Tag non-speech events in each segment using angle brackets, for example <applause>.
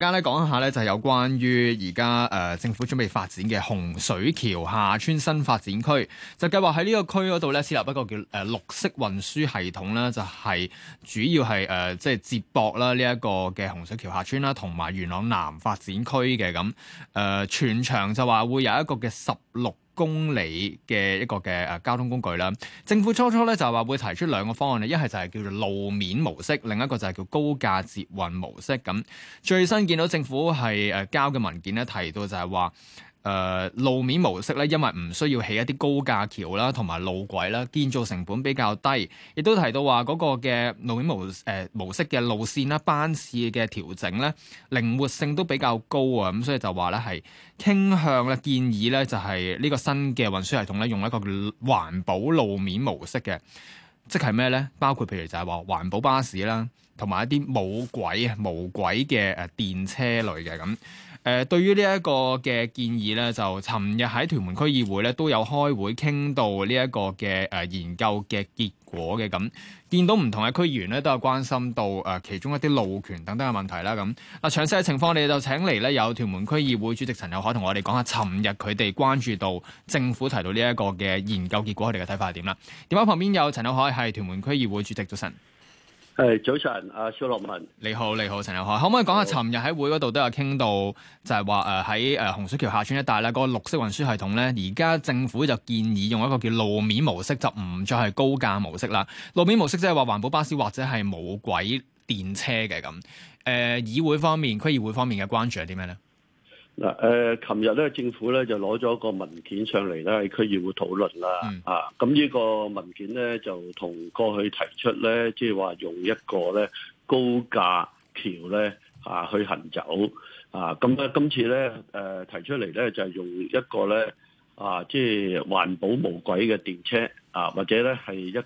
而家咧講下咧，就有關於而家誒政府準備發展嘅洪水橋廈村新發展區，就計劃喺呢個區嗰度咧設立一個叫誒綠色運輸系統啦，就係主要係誒即係接駁啦，呢一個嘅洪水橋廈村啦，同埋元朗南發展區嘅咁誒，全長就話會有一個嘅十六。公里嘅一個嘅誒交通工具啦，政府初初咧就係話會提出兩個方案咧，一係就係叫做路面模式，另一個就係叫高架捷運模式。咁最新見到政府係誒交嘅文件咧，提到就係話。誒、呃、路面模式咧，因為唔需要起一啲高架橋啦，同埋路軌啦，建造成本比較低。亦都提到話嗰個嘅路面模、呃、模式嘅路線啦，班次嘅調整咧，靈活性都比較高啊。咁所以就話咧係傾向咧建議咧，就係呢個新嘅運輸系統咧，用一個環保路面模式嘅，即係咩咧？包括譬如就係話環保巴士啦，同埋一啲無軌無軌嘅誒、電車類嘅咁。誒，對於呢一個嘅建議咧，就尋日喺屯門區議會咧都有開會傾到呢一個嘅、誒研究嘅結果嘅，咁，見到唔同嘅區議員咧都有關心到誒、其中一啲路權等等嘅問題啦咁。啊，詳細嘅情況，你哋就請嚟咧有屯門區議會主席陳有海同我哋講下，尋日佢哋關注到政府提到呢一個嘅研究結果，佢哋嘅睇法係點啦？電話旁邊有陳有海，係屯門區議會主席，早晨。誒，早晨，阿肖樂文，你好，你好，陳有海。可唔可以講下？尋日喺會嗰度都有傾到就，就係話誒喺誒洪水橋廈村一帶啦個綠色運輸系統咧，而家政府就建議用一個叫路面模式，就唔再係高架模式啦。路面模式即係話環保巴士或者係冇軌電車嘅咁。誒、呃，議會方面，區議會方面嘅關注係啲咩咧？嗱、誒、琴日咧政府咧就攞咗個文件上嚟咧，喺區議會討論啦。嗯、啊，咁呢個文件咧就同過去提出咧，即係話用一個咧高架橋咧啊去行走啊。咁咧今次咧、呃、提出嚟咧就係、是、用一個咧啊，即、就是、環保無軌嘅電車啊，或者咧係一個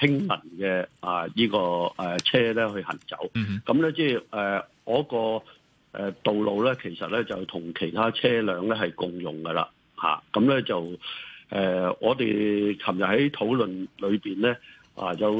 輕民嘅啊，這個、啊呢個車咧去行走。咁咧即係誒嗰個。誒道路咧，其實咧就同其他車輛咧係共用㗎喇，嚇咁咧就誒，我哋琴日喺討論裏邊咧，啊有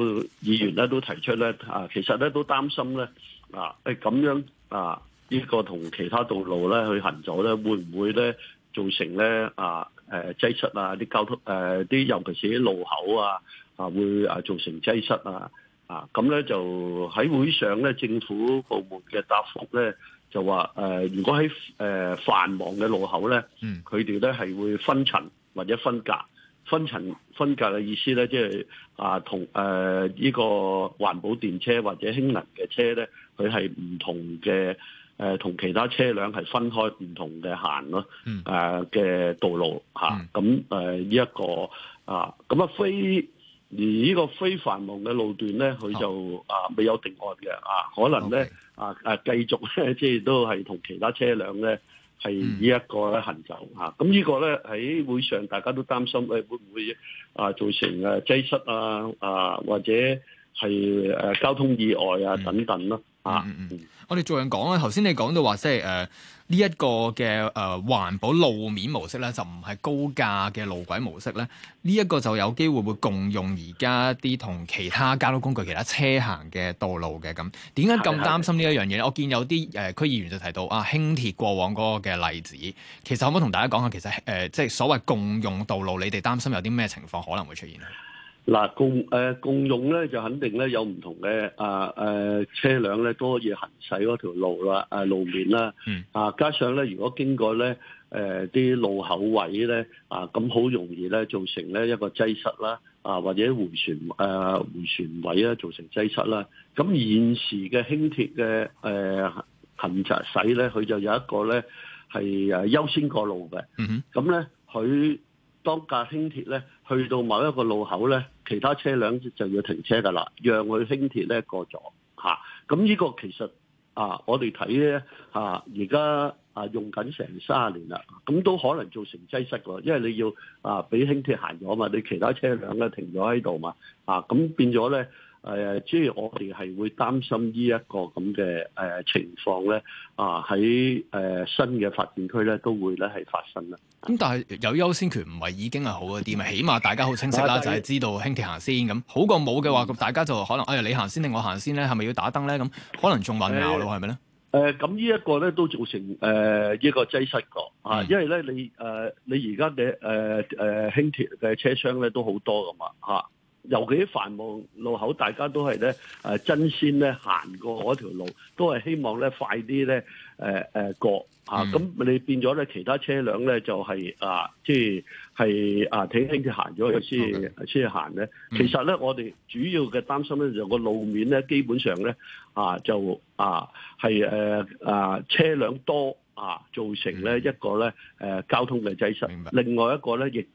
議員咧都提出咧，啊其實咧都擔心咧，啊誒咁樣啊，呢個同其他道路咧去行走咧，會唔會咧造成咧啊誒擠塞啊？啲交通誒啲，尤其是啲路口啊啊會啊造成擠塞啊，啊咁咧就喺會上咧，政府部門嘅答覆咧。就話、呃、如果喺誒、呃、繁忙嘅路口咧，佢哋咧係會分層或者分隔，分層分隔嘅意思咧，即係啊同誒、呃呢個環保電車或者輕能嘅車咧，佢係唔同嘅、呃、同其他車輛係分開唔同嘅行咯，嘅、嗯呃、道路咁呢一個啊，咁、嗯呃呢個、啊非。而呢個非繁忙嘅路段咧，佢就啊未有定案嘅啊，可能咧 Okay. 啊啊繼續咧，即係都係同其他車輛咧係以一個咧行走嚇。咁、mm. 啊這個、呢個咧喺會上大家都擔心誒，會唔會啊造成誒擠塞啊啊，或者係誒、啊、交通意外啊等等咯。Mm. 啊，嗯嗯，我哋再樣講啦。頭先你講到話，即係呢一個嘅誒、呃、環保路面模式咧，就唔係高架嘅路軌模式咧。呢、這、一個就有機會會共用而家啲同其他交通工具、其他車行嘅道路嘅咁。點解咁擔心呢一樣嘢咧？我見有啲誒、呃、區議員就提到啊，輕鐵過往嗰個嘅例子，其實可唔可以同大家講下？其實誒、呃，即係所謂共用道路，你哋擔心有啲咩情況可能會出現咧？嗱共、呃、共用咧就肯定咧有唔同嘅啊誒、呃、車輛咧都可以行駛嗰條路啦、啊、路面啦，嗯啊加上咧如果經過咧啲、呃、路口位咧啊咁好容易咧造成咧一個擠塞啦啊或者迴旋、呃、回旋位做造成擠塞啦，咁現時嘅輕鐵嘅誒、呃、行駛咧佢就有一個咧係誒優先過路嘅，咁咧佢。當架輕鐵咧去到某一個路口咧，其他車輛就要停車㗎啦，讓佢輕鐵咧過咗嚇。咁、啊、呢個其實啊，我哋睇咧嚇，而家啊用緊成卅年啦，咁都可能造成擠塞㗎，因為你要啊俾輕鐵行咗嘛，你其他車輛咧停咗喺度嘛，啊咁變咗咧。誒、呃，即係我哋係會擔心這這呢一個咁嘅誒情況咧，啊喺誒、呃、新嘅發展區咧都會咧係發生啦。咁、嗯、但係有優先權唔係已經係好一啲嘛？起碼大家好清晰啦，是就係知道輕鐵行先咁，好過冇嘅話，大家就可能哎呀你行先定我行先咧，係咪要打燈咧？咁可能仲混淆咯，係咪咧？誒，咁呢、呃呃、一個咧都造成誒一、呃這個擠塞噶，啊，嗯、因為咧你誒、呃、你而家嘅誒誒輕鐵嘅車廂咧都好多噶嘛，吓、啊。尤其啲繁忙路口，大家都係咧誒爭先咧行過嗰條路，都係希望咧快啲咧誒誒過嚇。咁你、嗯、變咗咧，其他車輛咧就係、是、啊，即係係啊，挺輕輕啲行咗去，先先去行咧。嗯、其實咧，我哋主要嘅擔心咧就個路面咧，基本上咧、就是、啊就啊係誒啊車輛多啊，造成咧一個咧誒交通嘅擠塞。明白。另外一個咧亦，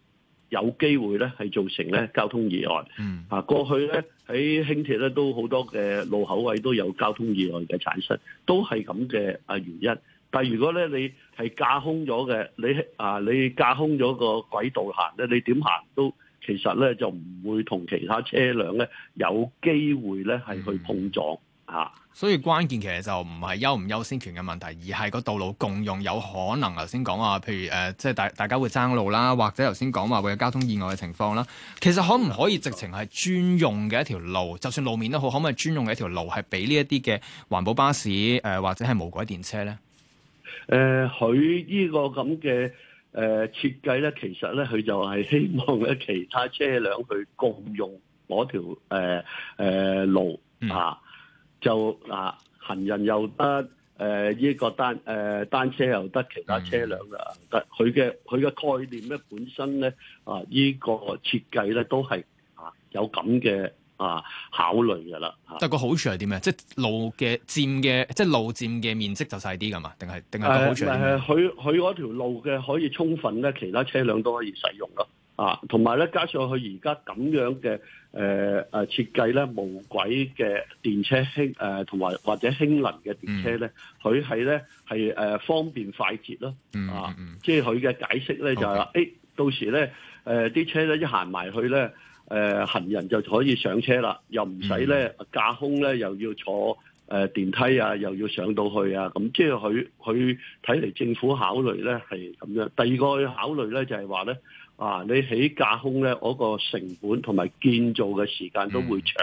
有機會咧係造成咧交通意外，嗯、啊過去咧喺輕鐵咧都好多嘅路口位都有交通意外嘅產生，都係咁嘅啊原因。但係如果咧你係架空咗嘅，你，你啊你架空咗個軌道行咧，你點行都其實咧就唔會同其他車輛咧有機會咧係去碰撞嚇。嗯啊所以關鍵其實就唔係優唔優先權嘅問題，而係個道路共用有可能。頭先講話，譬如誒，即係即係大大家會爭路啦，或者頭先講話會有交通意外嘅情況啦。其實可唔可以直情係專用嘅一條路？就算路面都好，可唔可以專用嘅一條路係俾呢一啲嘅環保巴士誒、呃，或者係無軌電車咧？誒、呃，佢呢個咁嘅誒設計咧，其實咧佢就係希望咧其他車輛去共用嗰條誒、呃呃、路啊。嗯就嗱、啊，行人又得，誒、呃、呢、這個單誒、呃、單車又得，其他車輛啦。得佢嘅佢嘅概念咧，本身咧啊，呢個設計咧都係啊有咁嘅啊考慮噶啦。即係個好處係點咩？即係路嘅佔嘅，即係路佔嘅面積就細啲噶嘛？定係定係好處？誒，佢佢嗰條路嘅可以充分咧，其他車輛都可以使用咯。啊，同埋咧，加上佢而家咁樣嘅誒誒設計咧，無軌嘅電車輕同埋、呃、或者輕能嘅電車咧，佢係咧係方便快捷咯。啊，嗯嗯、即係佢嘅解釋咧就係、係、話，誒 Okay.、欸、到時咧誒啲車咧一行埋去咧誒、呃、行人就可以上車啦，又唔使咧架空咧又要坐。誒、呃、電梯啊，又要上到去啊，咁、嗯、即係佢佢睇嚟政府考慮咧係咁樣。第二個考慮咧就係話咧，啊你起架空咧嗰個成本同埋建造嘅時間都會長，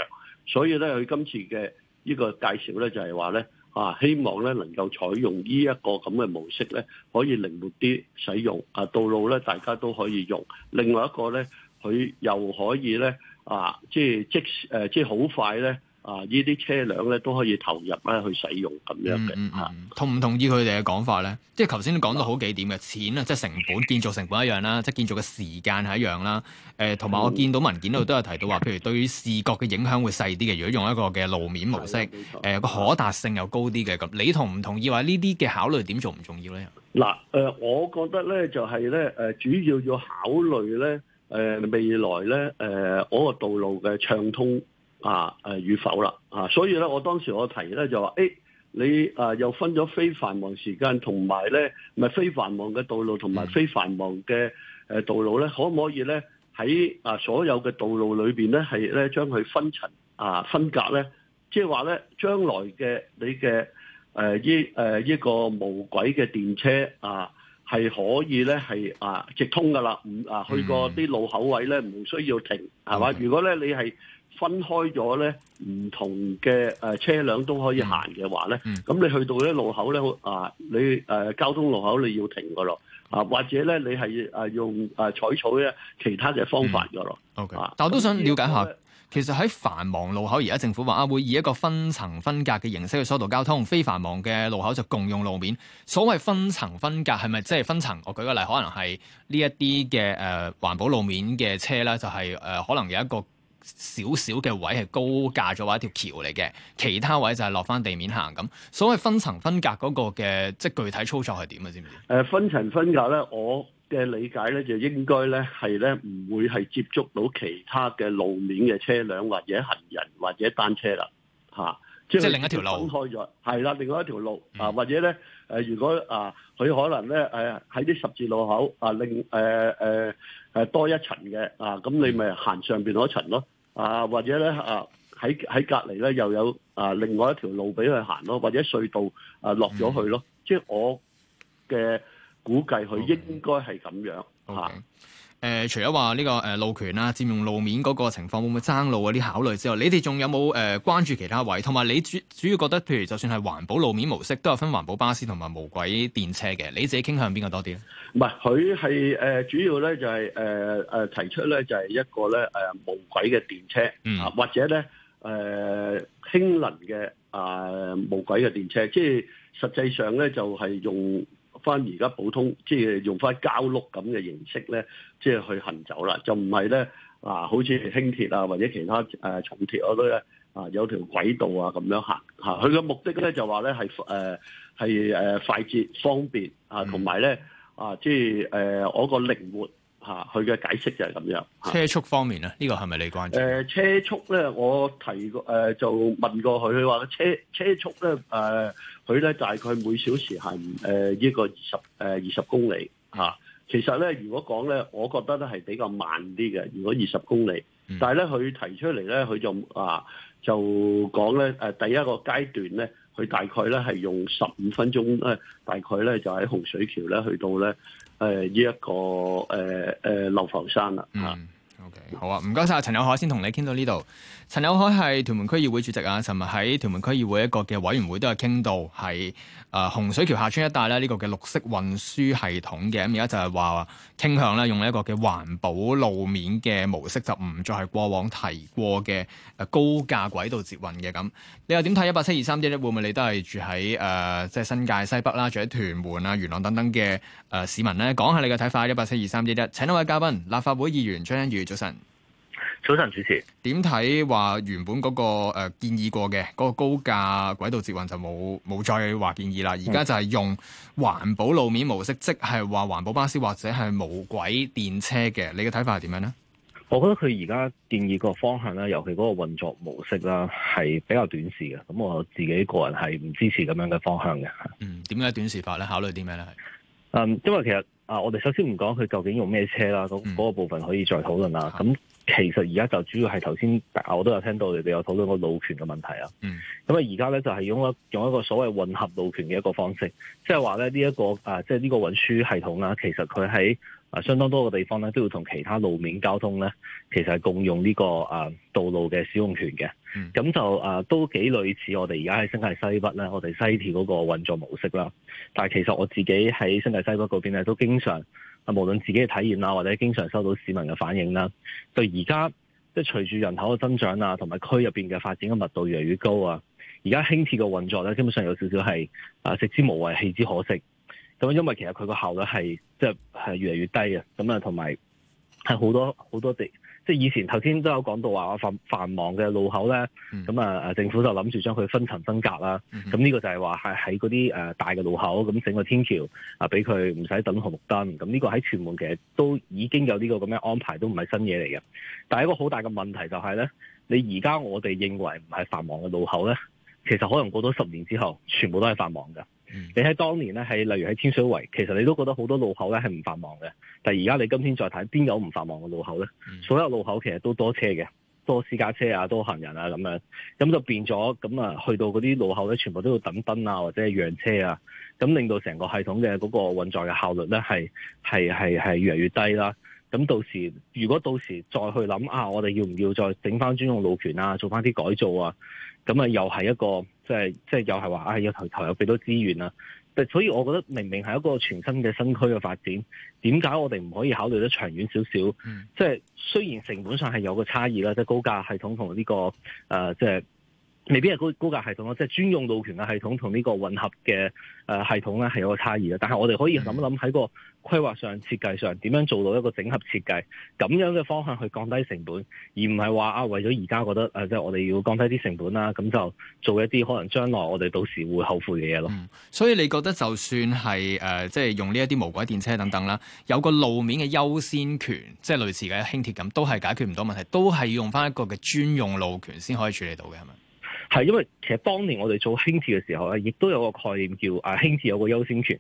所以咧佢今次嘅呢個介紹咧就係話咧啊，希望咧能夠採用呢一個咁嘅模式咧，可以靈活啲使用啊道路咧大家都可以用。另外一個咧，佢又可以咧啊，即係即誒即係好快咧。啊！呢啲車輛咧都可以投入咧、啊、去使用咁樣嘅嚇、嗯嗯嗯，同唔同意佢哋嘅講法咧？即係頭先都講到好幾點嘅錢啊，即係成本、建造成本一樣啦，即係建造嘅時間係一樣啦。誒、呃，同埋我見到文件度都有提到話，譬如對於視覺嘅影響會細啲嘅，如果用一個嘅路面模式，誒個、呃、可達性又高啲嘅咁，你同唔同意話呢啲嘅考慮點重唔重要咧？嗱誒、呃，我覺得咧就係咧誒，主要要考慮咧誒、呃、未來咧誒嗰個道路嘅暢通。啊誒、呃、與否啦啊，所以咧，我當時我提咧就話誒、欸，你啊、呃，又分咗非繁忙時間同埋咧，唔係非繁忙嘅道路同埋非繁忙嘅誒道路咧，可唔可以咧喺啊所有嘅道路裏邊咧，係咧將佢分層啊分隔咧？即係話咧，將來嘅你嘅誒，呢、呃、誒，呢、呃、個無軌嘅電車啊，係可以咧係啊直通噶啦，唔啊去過啲路口位咧，唔需要停係嘛、嗯？如果咧你係。分開咗咧，唔同嘅誒車輛都可以行嘅話咧，咁、嗯嗯、你去到呢路口咧，啊，你誒、呃、交通路口你要停㗎咯，啊，或者咧你係誒用誒、啊、採取咧其他嘅方法㗎咯。嗯、o、okay. K、啊、但我都想了解一下，以其實喺繁忙路口，而家政府話啊，會以一個分層分隔嘅形式去疏導交通，非繁忙嘅路口就共用路面。所謂分層分隔係咪即係分層？我舉個例，可能係呢一啲嘅誒環保路面嘅車咧，就係、是、誒、呃、可能有一個。少少嘅位係高架咗，或一條橋嚟嘅，其他位就係落翻地面行咁。所謂分層分隔嗰個嘅，即係具體操作係點啊？知唔知？誒，分層分隔咧，我嘅理解咧就應該咧係咧唔會係接觸到其他嘅路面嘅車輛或者行人或者單車啦，吓、啊，即係另一條路分開咗，係啦，另外一條路、嗯、啊，或者咧誒，如果啊佢可能咧誒喺啲十字路口、呃呃呃、啊，另誒誒誒多一層嘅啊，咁你咪行上邊嗰層咯。嗯啊，或者咧啊，喺喺隔籬咧又有啊另外一條路俾佢行咯，或者隧道啊落咗去咯，即係我嘅估計，佢應該係咁樣吓。誒、呃，除咗話呢個誒、呃、路權啊、佔用路面嗰個情況，會唔會爭路嗰啲考慮之外，你哋仲有冇誒、呃、關注其他位？同埋你主主要覺得，譬如就算係環保路面模式，都有分環保巴士同埋無軌電車嘅，你自己傾向邊個多啲咧？唔係，佢係誒主要咧就係誒誒提出咧就係一個咧誒、呃、無軌嘅電車啊，嗯、或者咧誒、呃、輕能嘅啊無軌嘅電車，即係實際上咧就係用。翻而家普通即係用翻膠碌咁嘅形式咧，即係去行走啦，就唔係咧啊，好似輕鐵啊或者其他誒、呃、重鐵嗰啲啊，啊有條軌道啊咁樣行嚇。佢、啊、嘅目的咧就話咧係誒係誒快捷方便啊，同埋咧啊即係誒、呃、我個靈活。嚇，佢嘅解釋就係咁樣。車速方面咧，呢個係咪你關注？誒，車速咧，我提過誒、呃、就問過佢，佢話車車速咧，誒佢咧大概每小時係誒呢個二十誒二十公里嚇。啊嗯、其實咧，如果講咧，我覺得咧係比較慢啲嘅。如果二十公里，但係咧佢提出嚟咧，佢就啊就講咧誒第一個階段咧，佢大概咧係用十五分鐘咧，大概咧就喺洪水橋咧去到咧。誒，呢、呃、一個誒，誒、呃，流、呃、浮山啦嚇。嗯。Okay，好啊，唔該晒。陳有海先同你傾到呢度。陳有海係屯門區議會主席啊，尋日喺屯門區議會一個嘅委員會都有傾到，喺誒、呃、洪水橋廈村一帶咧，呢個嘅綠色運輸系統嘅。咁而家就係話傾向咧，用一個嘅環保路面嘅模式，就唔再係過往提過嘅誒高架軌道捷運嘅咁。你又點睇一八七二三一一？會唔會你都係住喺誒即係新界西北啦、啊，住喺屯門啊、元朗等等嘅誒、呃、市民呢？講一下你嘅睇法一八七二三一一。請一位嘉賓，立法會議員張欣宇。早晨，早晨，主持點睇？話原本嗰、那個誒、呃、建議過嘅嗰、那個高架軌道捷運就冇冇再話建議啦。而家就係用環保路面模式，即係話環保巴士或者係無軌電車嘅。你嘅睇法係點樣呢？我覺得佢而家建議個方向咧，尤其嗰個運作模式啦，係比較短視嘅。咁我自己個人係唔支持咁樣嘅方向嘅。嗯，點解短視法咧？考慮啲咩咧？係嗯，因為其實。啊！我哋首先唔講佢究竟用咩車啦，咁嗰、那個部分可以再討論啦。咁、嗯、其實而家就主要係頭先，我都有聽到你哋有討論個路權嘅問題啊。咁啊、嗯，而家咧就係、是、用一用一個所謂混合路權嘅一個方式，即係話咧呢一、這個啊，即係呢個運輸系統啦，其實佢喺。啊，相當多嘅地方咧，都要同其他路面交通咧，其實係共用呢個啊道路嘅使用權嘅。咁、嗯、就啊，都幾類似我哋而家喺新界西北咧，我哋西鐵嗰個運作模式啦。但係其實我自己喺新界西北嗰邊咧，都經常啊，無論自己嘅體驗啦，或者經常收到市民嘅反應啦，就而家即係隨住人口嘅增長啊，同埋區入邊嘅發展嘅密度越嚟越高啊，而家輕鐵嘅運作咧，基本上有少少係啊，食之無謂，棄之可惜。咁因為其實佢個效率係即係越嚟越低嘅，咁啊同埋係好多好多地，即係以前頭先都有講到話繁繁忙嘅路口咧，咁啊、嗯，政府就諗住將佢分層分隔啦。咁呢、嗯、哼個就係話係喺嗰啲誒大嘅路口，咁整個天橋啊，俾佢唔使等紅綠燈。咁呢個喺屯門其實都已經有呢個咁嘅安排，都唔係新嘢嚟嘅。但係一個好大嘅問題就係、是、咧，你而家我哋認為唔係繁忙嘅路口咧，其實可能過多十年之後，全部都係繁忙嘅。你喺當年咧，係例如喺天水圍，其實你都覺得好多路口咧係唔繁忙嘅。但係而家你今天再睇，邊有唔繁忙嘅路口咧？嗯、所有路口其實都多車嘅，多私家車啊，多行人啊咁樣，咁就變咗咁啊，去到嗰啲路口咧，全部都要等燈啊，或者係讓車啊，咁令到成個系統嘅嗰個運載嘅效率咧，係係係係越嚟越低啦。咁到時如果到時再去諗啊，我哋要唔要再整翻專用路權啊，做翻啲改造啊？咁啊，又係一個。即係即係又係話，唉、啊，要投投入幾多資源啊？所以，我覺得明明係一個全新嘅新區嘅發展，點解我哋唔可以考慮得長遠少少？嗯、即係雖然成本上係有個差異啦，即係高價系統同呢、呢個誒、呃，即係。未必係高高架系統咯，即係專用路權嘅系統同呢個混合嘅誒系統咧係有個差異嘅。但係我哋可以諗一諗喺個規劃上、設計上點樣做到一個整合設計咁樣嘅方向去降低成本，而唔係話啊為咗而家覺得誒、呃，即係我哋要降低啲成本啦，咁就做一啲可能將來我哋到時會後悔嘅嘢咯。所以你覺得就算係誒、呃，即係用呢一啲無軌電車等等啦，有個路面嘅優先權，即係類似嘅輕鐵咁，都係解決唔到問題，都係要用翻一個嘅專用路權先可以處理到嘅，係咪？係，因為其實當年我哋做輕鐵嘅時候咧，亦都有個概念叫啊輕鐵有個優先權，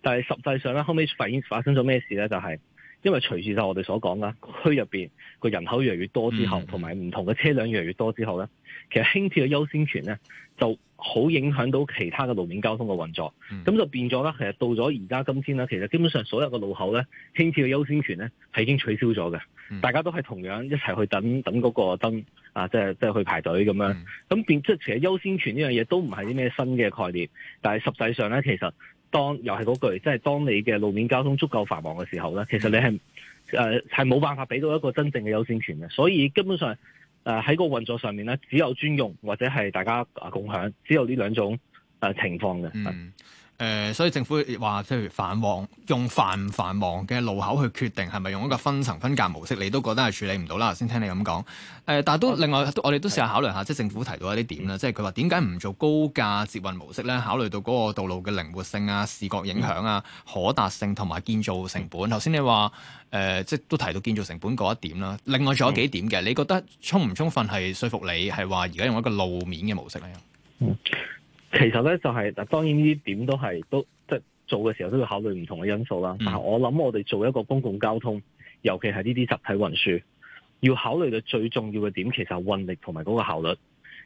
但係實際上咧，後尾發現發生咗咩事咧？就係因為隨住就我哋所講啦，區入邊個人口越嚟越多之後，同埋唔同嘅車輛越嚟越多之後咧，其實輕鐵嘅優先權咧就。好影響到其他嘅路面交通嘅運作，咁、嗯、就變咗啦。其實到咗而家今天咧，其實基本上所有嘅路口咧，輕軌嘅優先權咧係已經取消咗嘅，嗯、大家都係同樣一齊去等等嗰個燈啊，即係即係去排隊咁樣。咁、嗯、變即係其實優先權呢樣嘢都唔係啲咩新嘅概念，但係實際上咧，其實當又係嗰句，即係當你嘅路面交通足夠繁忙嘅時候咧，其實你係誒係冇辦法俾到一個真正嘅優先權嘅，所以基本上。誒喺個運作上面咧，只有專用或者係大家啊共享，只有呢兩種誒情況嘅。嗯誒、呃，所以政府話即係繁忙用繁繁忙嘅路口去決定係咪用一個分層分隔模式，你都覺得係處理唔到啦。頭先聽你咁講，誒、呃，但係都另外，啊、我哋都試下考慮下，即係政府提到一啲點啦，即係佢話點解唔做高架接運模式咧？考慮到嗰個道路嘅靈活性啊、視覺影響啊、嗯、可達性同埋建造成本。頭先你話誒、呃，即係都提到建造成本嗰一點啦。另外仲有幾點嘅，你覺得充唔充分係說服你係話而家用一個路面嘅模式咧？嗯其實咧就係、是、嗱，當然呢啲點都係都即係做嘅時候都要考慮唔同嘅因素啦。嗯、但係我諗我哋做一個公共交通，尤其係呢啲集體運輸，要考慮嘅最重要嘅點，其實係運力同埋嗰個效率。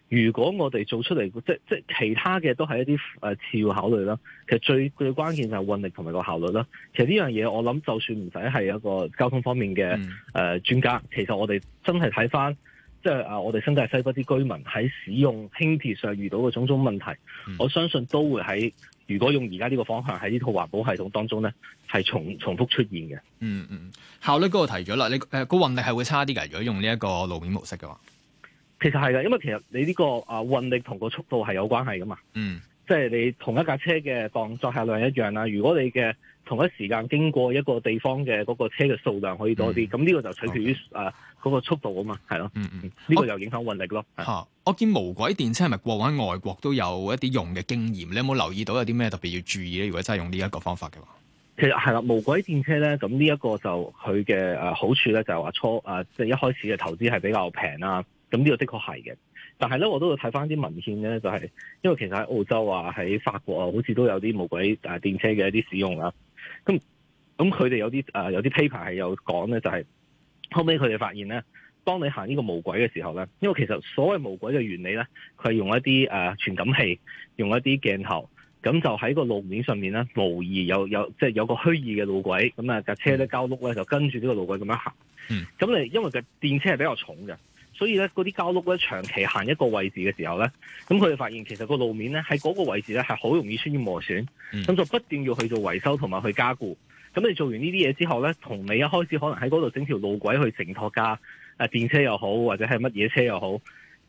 如果我哋做出嚟，即即係其他嘅都係一啲誒、呃、次要考慮啦。其實最最關鍵就係運力同埋個效率啦。其實呢樣嘢我諗，就算唔使係一個交通方面嘅誒、嗯呃、專家，其實我哋真係睇翻。即係啊！我哋新界西北啲居民喺使用輕鐵上遇到嘅種種問題，嗯、我相信都會喺如果用而家呢個方向喺呢套環保系統當中咧，係重重複出現嘅。嗯嗯，效率嗰個提咗啦，你誒個運力係會差啲噶？如果用呢一個路面模式嘅話，其實係噶，因為其實你呢、這個啊運、呃、力同個速度係有關係噶嘛。嗯。即係你同一架車嘅當載客量一樣啦。如果你嘅同一時間經過一個地方嘅嗰，那個車嘅數量可以多啲，咁呢，嗯、個就取決於誒嗰 okay.、呃那個速度啊嘛，係咯。嗯嗯，呢個又影響運力咯。嚇、啊的啊！我見無軌電車係咪過往喺外國都有一啲用嘅經驗？你有冇留意到有啲咩特別要注意咧？如果真係用呢一個方法嘅話，其實係啦，無軌電車咧，咁呢一個就佢嘅誒好處咧，就係話初誒即係一開始嘅投資係比較平啦。咁呢個的確係嘅。但係咧，我都會睇翻啲文獻嘅。咧，就係、是、因為其實喺澳洲啊、喺法國啊，好似都有啲無軌誒電車嘅一啲使用啦、啊。咁咁佢哋有啲誒、呃、有啲 paper 係有講咧，就係、是、後尾佢哋發現咧，當你行呢個無軌嘅時候咧，因為其實所謂無軌嘅原理咧，佢係用一啲誒、呃、傳感器，用一啲鏡頭，咁就喺個路面上面咧，模擬有有即係、就是、有個虛擬嘅路軌，咁啊架車咧交碌咧就跟住呢個路軌咁樣行。咁你、嗯、因為架電車係比較重嘅。所以咧，嗰啲膠轆咧長期行一個位置嘅時候咧，咁佢哋發現其實個路面咧喺嗰個位置咧係好容易出現磨損，咁就不斷要去做維修同埋去加固。咁你做完呢啲嘢之後咧，同你一開始可能喺嗰度整條路軌去承托架誒電車又好，或者係乜嘢車又好，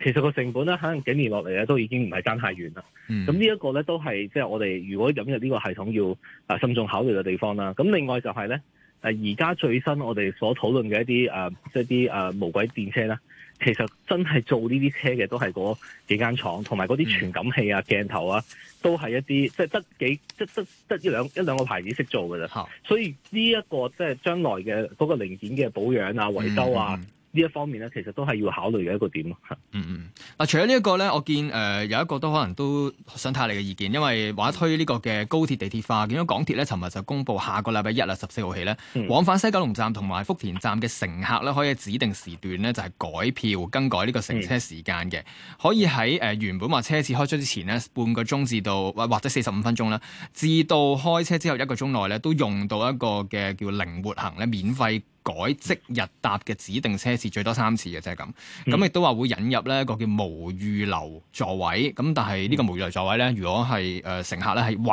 其實個成本咧可能幾年落嚟咧都已經唔係爭太遠啦。咁呢一個咧都係即係我哋如果引入呢個系統要啊慎重考慮嘅地方啦。咁另外就係咧。而家、啊、最新我哋所討論嘅一啲誒，即係啲誒無軌電車咧，其實真係做呢啲車嘅都係嗰幾間廠，同埋嗰啲傳感器啊、鏡頭啊，都係一啲即係得幾，即得得一兩一兩個牌子識做㗎啫。好所以呢、呢、一個即係將來嘅嗰個零件嘅保養啊、維修啊。嗯嗯。呢一方面咧，其實都係要考慮嘅一個點咯、嗯。嗯嗯，嗱，除咗呢一個咧，我見誒、呃、有一個都可能都想睇下你嘅意見，因為話推呢個嘅高鐵地鐵化。見到港鐵咧，尋日就公布下個禮拜一啊十四號起咧，嗯、往返西九龍站同埋福田站嘅乘客咧，可以指定時段咧就係、是、改票、更改呢個乘車時間嘅，嗯、可以喺誒、呃、原本話車次開出之前呢，半個鐘至到或或者四十五分鐘啦，至到開車之後一個鐘內咧都用到一個嘅叫靈活行咧免費。改即日搭嘅指定車次最多三次嘅啫，咁咁亦都話會引入呢個叫無預留座位，咁但係呢個無預留座位咧，如果係誒乘客咧係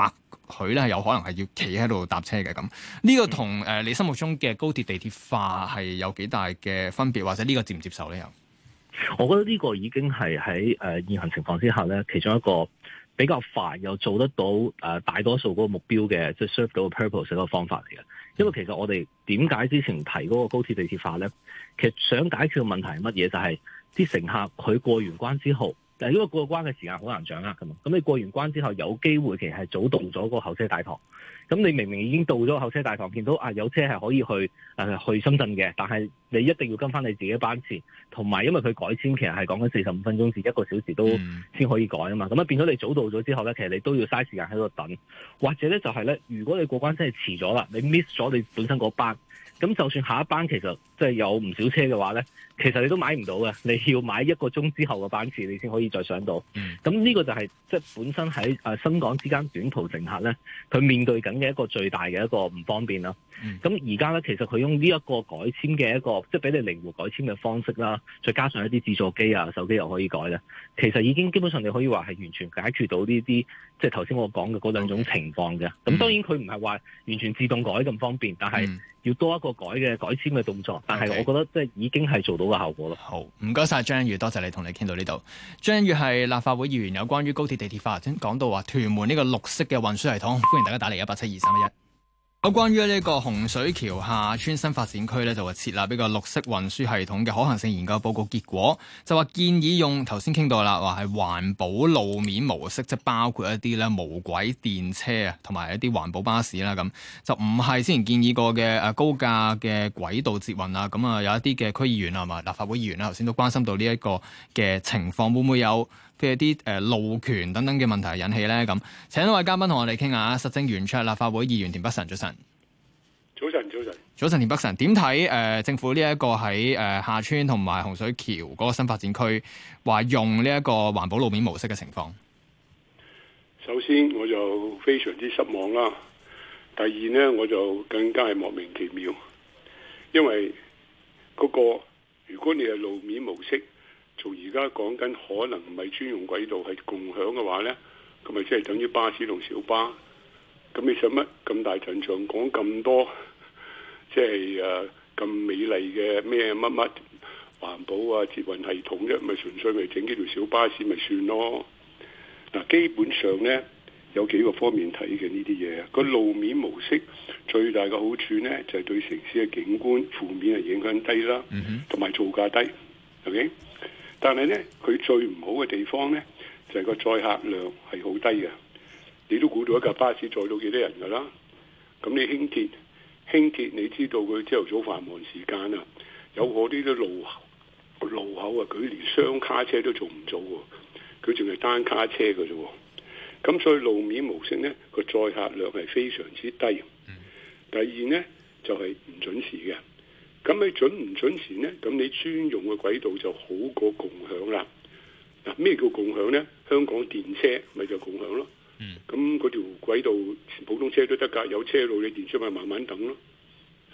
或許咧有可能係要企喺度搭車嘅咁，呢個同誒你心目中嘅高鐵地鐵化係有幾大嘅分別，或者呢個接唔接受咧？又，我覺得呢個已經係喺誒現行情況之下咧，其中一個比較快又做得到誒大多數嗰個目標嘅，即係 serve 到個 purpose 嗰個方法嚟嘅。因為其實我哋點解之前提嗰個高鐵地鐵化咧？其實想解決嘅問題係乜嘢？就係啲乘客佢過完關之後。但係呢個過關嘅時間好難掌握㗎嘛，咁你過完關之後有機會其實係早到咗個候車大堂，咁你明明已經到咗候車大堂，見到啊有車係可以去誒、呃、去深圳嘅，但係你一定要跟翻你自己班次，同埋因為佢改簽其實係講緊四十五分鐘至一個小時都先可以改啊嘛，咁啊、嗯、變咗你早到咗之後咧，其實你都要嘥時間喺度等，或者咧就係咧，如果你過關真係遲咗啦，你 miss 咗你本身嗰班。咁就算下一班其實即係有唔少車嘅話咧，其實你都買唔到嘅。你要買一個鐘之後嘅班次，你先可以再上到。咁呢、嗯、個就係即係本身喺誒、呃、新港之間短途乘客咧，佢面對緊嘅一個最大嘅一個唔方便啦。咁而家咧，其實佢用呢一個、就是、改簽嘅一個即係俾你靈活改簽嘅方式啦，再加上一啲自助機啊、手機又可以改嘅。其實已經基本上你可以話係完全解決到呢啲，即係頭先我講嘅嗰兩種情況嘅。咁、嗯、當然佢唔係話完全自動改咁方便，但係、嗯。要多一個改嘅改簽嘅動作，但係我覺得即係已經係做到嘅效果咯。好，唔該晒張宇，多謝你同你傾到呢度。張宇係立法會議員，有關於「高鐵地鐵化，先講到話屯門呢個綠色嘅運輸系統，歡迎大家打嚟一八七二三一一。有關於呢個洪水橋廈村新發展區呢，就話設立呢個綠色運輸系統嘅可行性研究報告結果，就話建議用頭先傾到啦，話係環保路面模式，即包括一啲咧無軌電車啊，同埋一啲環保巴士啦，咁就唔係先前建議過嘅誒高架嘅軌道捷運啊。咁啊有一啲嘅區議員啊，係嘛立法會議員啦，頭先都關心到呢一個嘅情況，會唔會有？嘅啲、呃、路權等等嘅問題引起咧咁，請一位嘉賓同我哋傾下，實政圓桌立法會議員田北辰，早晨。早晨，早晨，早晨。田北辰點睇、呃、政府呢一個喺廈村同埋洪水橋嗰個新發展區話用呢一個環保路面模式嘅情況？首先我就非常之失望啦，第二呢，我就更加係莫名其妙，因為嗰、嗰個如果你係路面模式。做而家講緊可能唔係專用軌道，係共享嘅話呢，咁咪即係等於巴士同小巴。咁你想乜咁大陣仗講咁多，即係誒咁美麗嘅咩乜乜環保啊捷運系統啫、啊，咪純粹咪整幾條小巴士咪算咯。嗱，基本上呢，有幾個方面睇嘅呢啲嘢。個路面模式最大嘅好處呢，就係、是、對城市嘅景觀負面係影響低啦，同埋造價低，OK？但係咧，佢最唔好嘅地方咧，就係、是、個載客量係好低嘅。你都估到一架巴士載到幾多人噶啦？咁你輕鐵，輕鐵你知道佢朝頭早繁忙時間啊，有我啲啲路路口啊，佢連雙卡車都做唔到嘅，佢淨係單卡車嘅啫。咁所以路面模式咧，個載客量係非常之低。第二咧就係、是、唔準時嘅。咁你準唔準時呢？咁你專用嘅軌道就好過共享啦。嗱，咩叫共享呢？香港電車咪就共享咯。嗯。咁嗰條軌道普通車都得噶，有車路你電車咪慢慢等咯。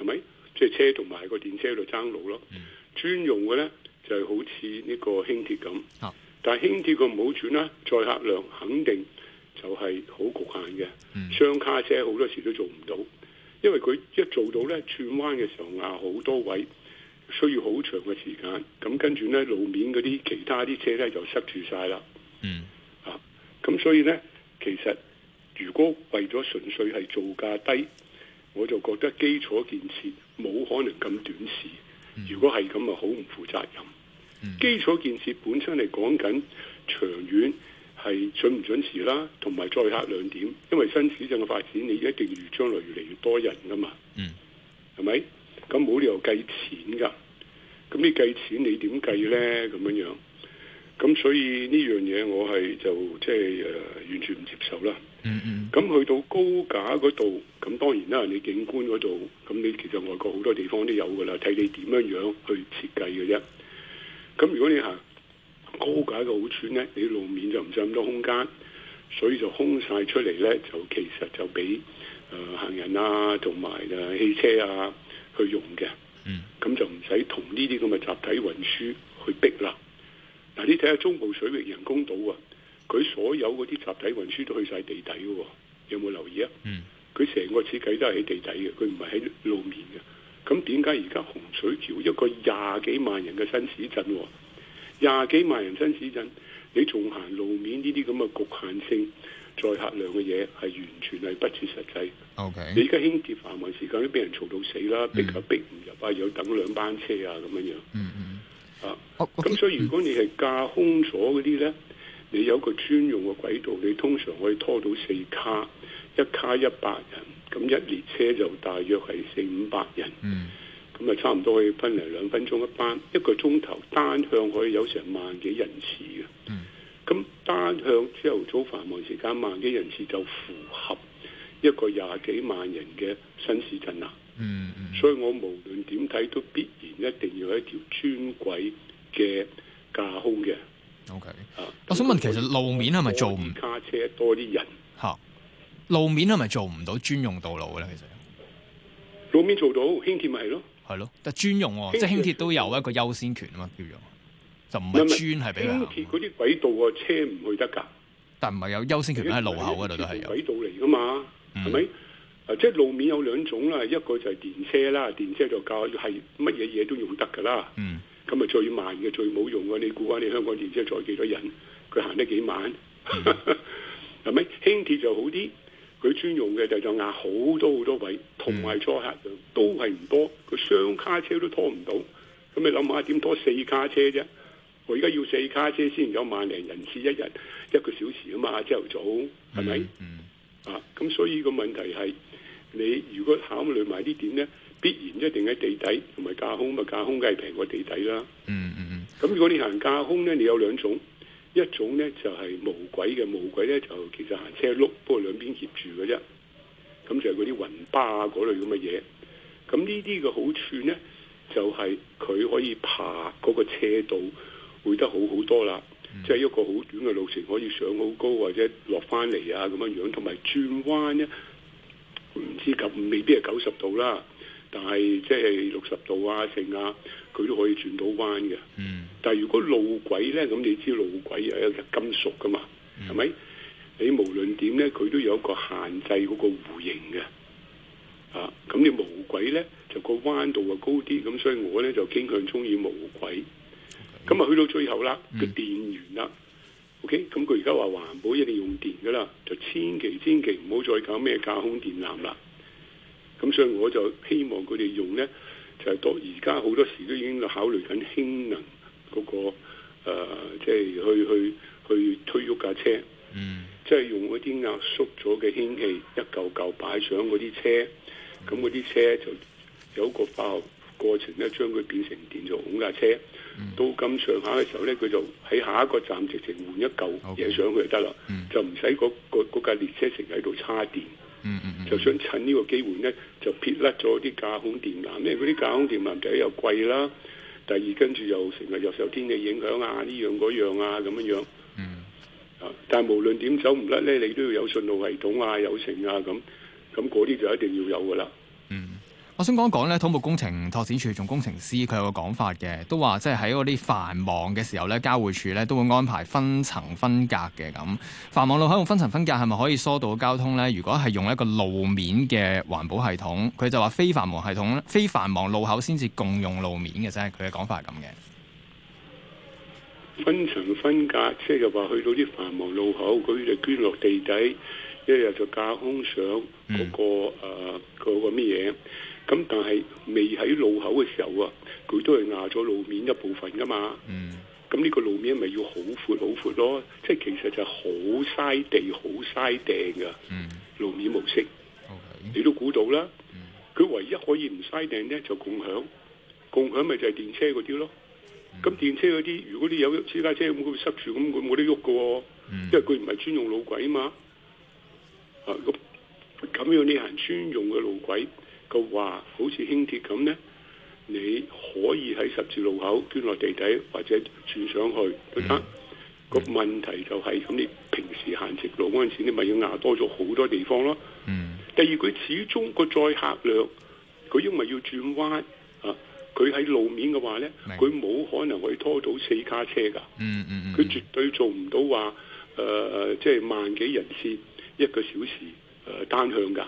係咪？即係車同埋個電車喺度爭路咯。嗯、專用嘅呢就係好似呢個輕鐵咁。但係輕鐵個唔好轉啦，載客量肯定就係好局限嘅。雙卡車好多時都做唔到。因為佢一做到咧，轉彎嘅時候壓好多位，需要好長嘅時間。咁跟住咧，路面嗰啲其他啲車咧就塞住晒啦。嗯，啊，咁所以咧，其實如果為咗純粹係造價低，我就覺得基礎建設冇可能咁短視。嗯，如果係咁啊，好唔負責任。嗯，基礎建設本身係講緊長遠。係準唔準時啦，同埋載客兩點，因為新市鎮嘅發展，你一定要將來越嚟越多人噶嘛，嗯，係咪？咁冇理由計錢噶，咁你計錢你點計咧？咁樣樣，咁所以呢樣嘢我係就即係誒，完全唔接受啦。嗯嗯，咁去到高架嗰度，咁當然啦，你景觀嗰度，咁你其實外國好多地方都有噶啦，睇你點樣樣去設計嘅啫。咁如果你行。高架嘅好處咧，你路面就唔使咁多空間，所以就空曬出嚟咧，就其實就俾、呃、行人啊，同埋、啊、汽車啊去用嘅。嗯，咁就唔使同呢啲咁嘅集體運輸去逼啦。嗱，你睇下中部水域人工島啊，佢所有嗰啲集體運輸都去曬地底喎、啊，有冇留意啊？嗯，佢成個設計都係喺地底嘅，佢唔係喺路面嘅。咁點解而家洪水橋一個廿幾萬人嘅新市鎮？廿幾萬人新市鎮，你仲行路面呢啲咁嘅局限性載客量嘅嘢，係完全係不切實際。OK. 你而家輕鐵繁忙時間都俾人嘈到死啦，逼啊逼唔入啊，嗯、要等兩班車啊咁樣樣。嗯嗯。Okay. 啊，咁所以如果你係架空咗嗰啲咧，你有個專用嘅軌道，你通常可以拖到四卡，一卡一百人，咁一列車就大約係四五百人。嗯。咁咪差唔多可以分嚟兩分鐘一班，一個鐘頭單向可以有成萬幾人次嘅。嗯。咁單向朝頭早繁忙時間萬幾人次就符合一個廿幾萬人嘅新市鎮啦。嗯嗯。所以我無論點睇都必然一定要有一條專軌嘅架空嘅。O K。啊，我想問，其實路面係咪做唔？卡車多啲人吓，路面係咪做唔到專用道路嘅咧？其實路面做到輕鐵咪係咯。係咯，但專用即、哦、輕鐵都有一個優先權啊嘛，叫做就唔係專係俾佢行。輕鐵嗰啲軌道啊，車唔去得噶，但唔係有優先權喺路口嗰度都係有軌道嚟噶嘛，係咪，嗯？啊，即、就是，路面有兩種啦，一個就係電車啦，電車就較係乜嘢嘢都用得噶啦。嗯，咁啊最慢嘅最冇用啊。你估下你香港電車載幾多人？佢行得幾慢？係咪、嗯、 <laughs> 輕鐵就好啲？佢專用嘅就就壓好多好多位，同埋載客量都係唔多，佢雙卡車都拖唔到。咁你諗下點拖四卡車啫？我而家要四卡車先有萬零人次一日，一個小時啊嘛，朝頭早係咪？是嗯嗯、啊，咁所以個問題係你如果考慮埋呢點咧，必然一定喺地底同埋架空。咪架空梗係平過地底啦、嗯。嗯嗯嗯。咁如果你行架空咧，你有兩種。一種咧就係、是、無軌嘅無軌咧，就其實行車轆，不過兩邊夾住嘅啫。咁就係嗰啲雲巴嗰類咁嘅嘢。咁呢啲嘅好處咧，就係、是、佢可以爬嗰個斜度，會得好好多啦。即係、嗯、一個好短嘅路程，可以上好高或者落翻嚟啊咁樣樣，同埋轉彎咧，唔知咁未必係九十度啦，但係即係六十度啊，剩啊。佢都可以轉到彎嘅，嗯、但係如果路軌咧，咁你知路軌係一隻金屬噶嘛，係咪、嗯？你無論點咧，佢都有個限制嗰個弧形嘅，啊，咁你無軌咧就個彎度就高啲，咁所以我咧就傾向中意無軌，咁啊、嗯、去到最後啦，個、嗯、電源啦，OK，咁佢而家話環保一定要用電噶啦，就千祈千祈唔好再搞咩架空電纜啦，咁所以我就希望佢哋用咧。就係多，而家好多時都已經考慮緊氫能嗰、那個即係、呃就是、去去去推喐架車，嗯，即係用嗰啲壓縮咗嘅氫氣一嚿嚿擺上嗰啲車，咁嗰啲車就有一個化學過程咧，將佢變成電動嗰架車。嗯、到咁上下嘅時候咧，佢就喺下一個站直情換一嚿嘢上去就得啦，okay, 嗯、就唔使嗰嗰架列車成日喺度叉電。嗯嗯 <noise> 就想趁呢個機會呢，就撇甩咗啲架空電纜，因為嗰啲架空電纜第一又貴啦，第二跟住又成日又受天氣影響啊，呢樣嗰樣啊咁樣。嗯、 <noise> 啊。但無論點走唔甩呢，你都要有信號系統啊，有成啊咁，咁嗰啲就一定要有㗎啦。我想講講咧，土木工程拓展處同工程師佢有個講法嘅，都話即係喺嗰啲繁忙嘅時候咧，交匯處咧都會安排分層分隔嘅。咁。繁忙路口用分層分隔係咪可以疏導交通咧？如果係用一個路面嘅環保系統，佢就話非繁忙系統，非繁忙路口先至共用路面嘅啫。佢嘅講法係咁嘅。分層分隔即係就話去到啲繁忙路口，佢就捐落地底，一日就架空上嗰，嗯嗰個誒，呃嗰個乜嘢？咁但係未喺路口嘅時候啊，佢都係壓咗路面一部分噶嘛。嗯，咁呢個路面咪要好闊好闊咯，即係其實就係好嘥地、好嘥掟噶。嗯，路面模式，okay, 你都估到啦。佢、嗯、唯一可以唔嘥掟咧就共享，共享咪就係電車嗰啲咯。咁、嗯、電車嗰啲，如果你有私家車咁佢會塞住，咁佢冇得喐噶。喎、嗯，因為佢唔係專用路軌啊嘛。啊，咁咁樣你行專用嘅路軌。佢話好似輕鐵咁咧，你可以喺十字路口捐落地底或者轉上去都得。個問題就係、是、咁，你平時行直路嗰陣時，你咪要壓多咗好多地方咯。嗯、第二，佢始終個載客量，佢因為要轉彎啊，佢喺路面嘅話咧，佢冇、嗯、可能會拖到四卡車㗎、嗯。嗯嗯，佢絕對做唔到話誒，即、呃、係、就是、萬幾人次一個小時誒、呃、單向㗎。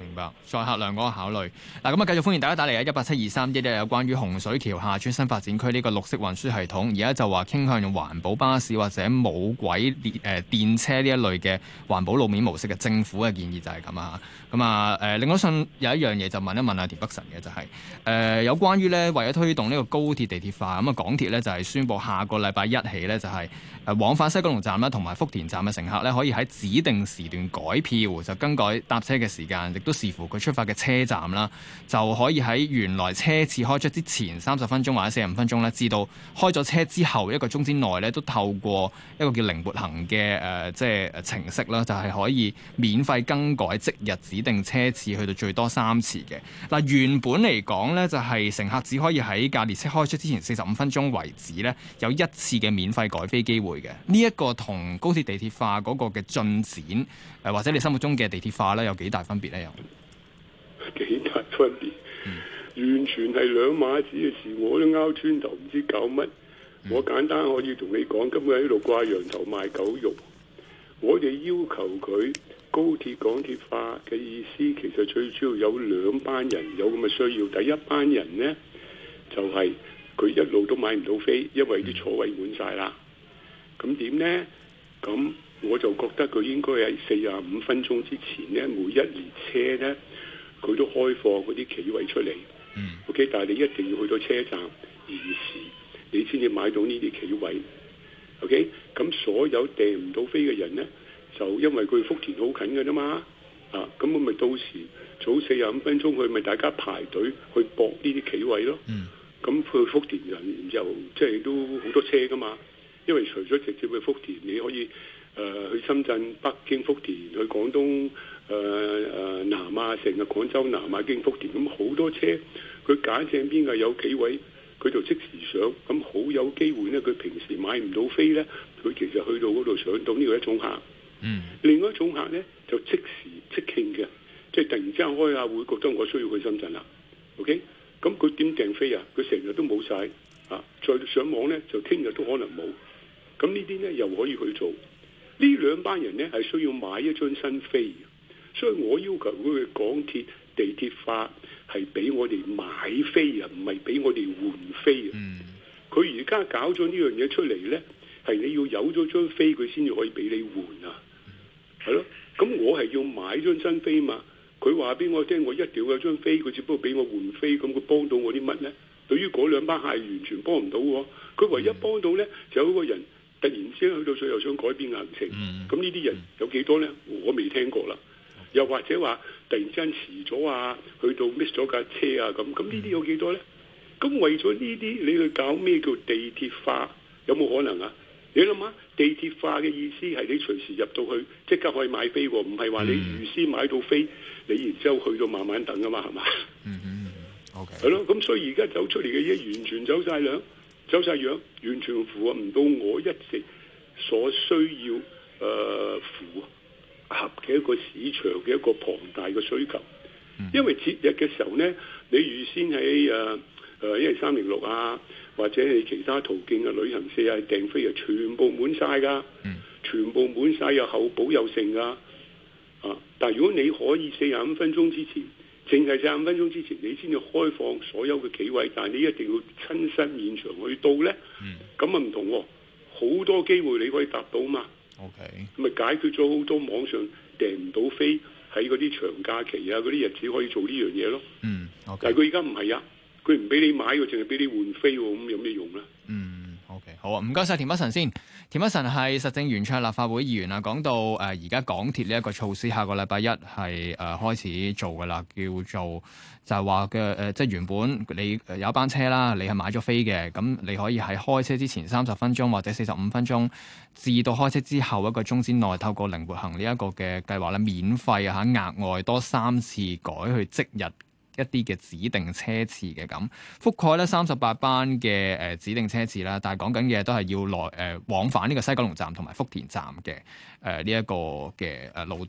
明白，再客量嗰個考慮嗱，咁啊，繼續歡迎大家打嚟啊！一八七二三一咧，有關於洪水橋廈村新發展區呢個綠色運輸系統，而家就話傾向用環保巴士或者無軌誒電車呢一類嘅環保路面模式嘅政府嘅建議就係咁啊！咁啊誒，另外想有一樣嘢就問一問啊田北辰嘅就係、是、誒、呃，有關於呢為咗推動呢個高鐵地鐵化，咁啊港鐵呢就係、是、宣布下個禮拜一起呢，就係、是、往返西九龍站啦，同埋福田站嘅乘客呢，可以喺指定時段改票，就更改搭車嘅時間。都視乎佢出發嘅車站啦，就可以喺原來車次開出之前三十分鐘或者四十五分鐘呢，直到開咗車之後一個鐘之內呢，都透過一個叫靈活行嘅即、呃呃呃、程式啦，就係、是、可以免費更改即日指定車次，去到最多三次嘅。嗱、呃，原本嚟講呢，就係、是、乘客只可以喺架列車開出之前四十五分鐘為止呢，有一次嘅免費改飛機會嘅。呢、這、一個同高鐵地鐵化嗰個嘅進展、呃，或者你心目中嘅地鐵化呢，有幾大分別呢？幾大分別，完全係兩碼子嘅事，我都拗穿頭，唔知搞乜。我簡單可以同你講，今日喺度掛羊頭賣狗肉。我哋要求佢高鐵、港鐵化嘅意思，其實最主要有兩班人有咁嘅需要。第一班人呢，就係、是、佢一路都買唔到飛，因為啲座位滿晒啦。咁點呢？咁我就覺得佢應該喺四十五分鐘之前呢，每一列車呢。佢都開放嗰啲企位出嚟，嗯，OK，但係你一定要去到車站現時，你先至買到呢啲企位，OK，咁所有訂唔到飛嘅人咧，就因為佢福田好近嘅啫嘛，啊，咁我咪到時早四廿五分鐘去，咪大家排隊去搏呢啲企位咯，嗯，咁去福田人然之後即係、就是、都好多車噶嘛，因為除咗直接去福田，你可以誒、呃、去深圳、北京、福田、去廣東。誒誒、呃呃、南亞成日廣州南亞經福田，咁好多車，佢揀正邊個有幾位，佢就即時上，咁好有機會呢佢平時買唔到飛呢，佢其實去到嗰度上到呢個一種客，嗯，另外一種客呢，就即時即興嘅，即、就、係、是、突然之間開下會，覺得我需要去深圳啦。OK，咁佢點訂飛啊？佢成日都冇晒。啊，再上網呢，就聽日都可能冇。咁呢啲呢，又可以去做。呢兩班人呢，係需要買一張新飛。所以我要求佢去港鐵地鐵法係俾我哋買飛啊，唔係俾我哋換飛啊。佢而家搞咗呢樣嘢出嚟呢，係你要有咗張飛，佢先至可以俾你換啊。係咯，咁我係要買一張新飛嘛？佢話俾我聽，我一定要有張飛，佢只不過俾我換飛，咁佢幫到我啲乜呢？對於嗰兩班客係完全幫唔到喎。佢唯一幫到呢，就，有一個人突然之間去到最後想改變行程，咁呢啲人有幾多呢？我未聽過啦。又或者話突然之間遲咗啊，去到 miss 咗架車啊咁，咁呢啲有幾多咧？咁為咗呢啲，你去搞咩叫地鐵化？有冇可能啊？你諗下，地鐵化嘅意思係你隨時入到去，即刻可以買飛，唔係話你預先買到飛，你然之後去到慢慢等啊嘛，係嘛、mm？嗯、hmm. 嗯，OK，係咯，咁所以而家走出嚟嘅嘢完全走晒兩，走晒樣，完全符合唔到我一直所需要誒符啊。呃合嘅一個市場嘅一個龐大嘅需求，嗯、因為節日嘅時候呢，你預先喺誒誒一二三零六啊，或者係其他途徑嘅旅行社啊訂飛啊，全部滿晒噶，嗯、全部滿晒又後補又剩噶，啊！但係如果你可以四十五分鐘之前，淨係四十五分鐘之前，你先至開放所有嘅企位，但係你一定要親身現場去到呢，咁啊唔同喎，好多機會你可以達到嘛。O K，咁咪解決咗好多網上訂唔到飛，喺嗰啲長假期啊嗰啲日子可以做呢樣嘢咯。嗯，O K，但係佢而家唔係呀，佢唔俾你買喎，淨係俾你換飛喎，咁有咩用咧？嗯，O K，好啊，唔該晒田北辰先。田北辰係實政圓桌立法會議員啊，講到誒而家港鐵呢一個措施，下個禮拜一係誒、呃、開始做嘅啦，叫做就係話嘅誒，即係原本你有一班車啦，你係買咗飛嘅，咁你可以喺開車之前三十分鐘或者四十五分鐘，至到開車之後一個鐘之內，透過靈活行呢一個嘅計劃咧，免費啊嚇額外多三次改去即日。一啲嘅指定車次嘅，咁覆蓋咧三十八班嘅誒、呃、指定車次啦，但係講緊嘅都係要來誒、呃、往返呢個西九龍站同埋福田站嘅誒呢一個嘅誒、呃、路段。